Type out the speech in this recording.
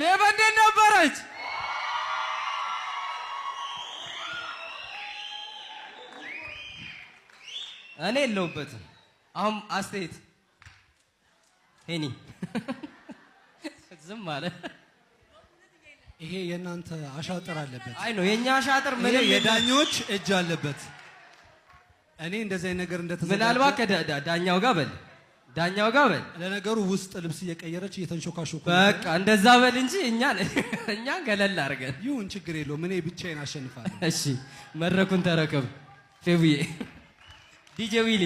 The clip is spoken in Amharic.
ነበረች። እኔ የለውበትም አሁን አስተያየት ሄኒ ዝም አለ። ይሄ የእናንተ አሻጥር አለበት። አይ ነው አሻጥር ምንም የዳኞች እጅ አለበት። እኔ እንደዚህ አይነት ነገር ምናልባት ከዳኛው ጋር በል ዳኛው ጋር በል። ለነገሩ ውስጥ ልብስ እየቀየረች እየተንሾካሾኩ በቃ እንደዛ በል እንጂ እኛ እኛ ገለል አድርገን ይሁን፣ ችግር የለውም። እኔ ብቻዬን አሸንፋለሁ። እሺ፣ መድረኩን ተረከብ ፌቡዬ ዲጄ ዊሊ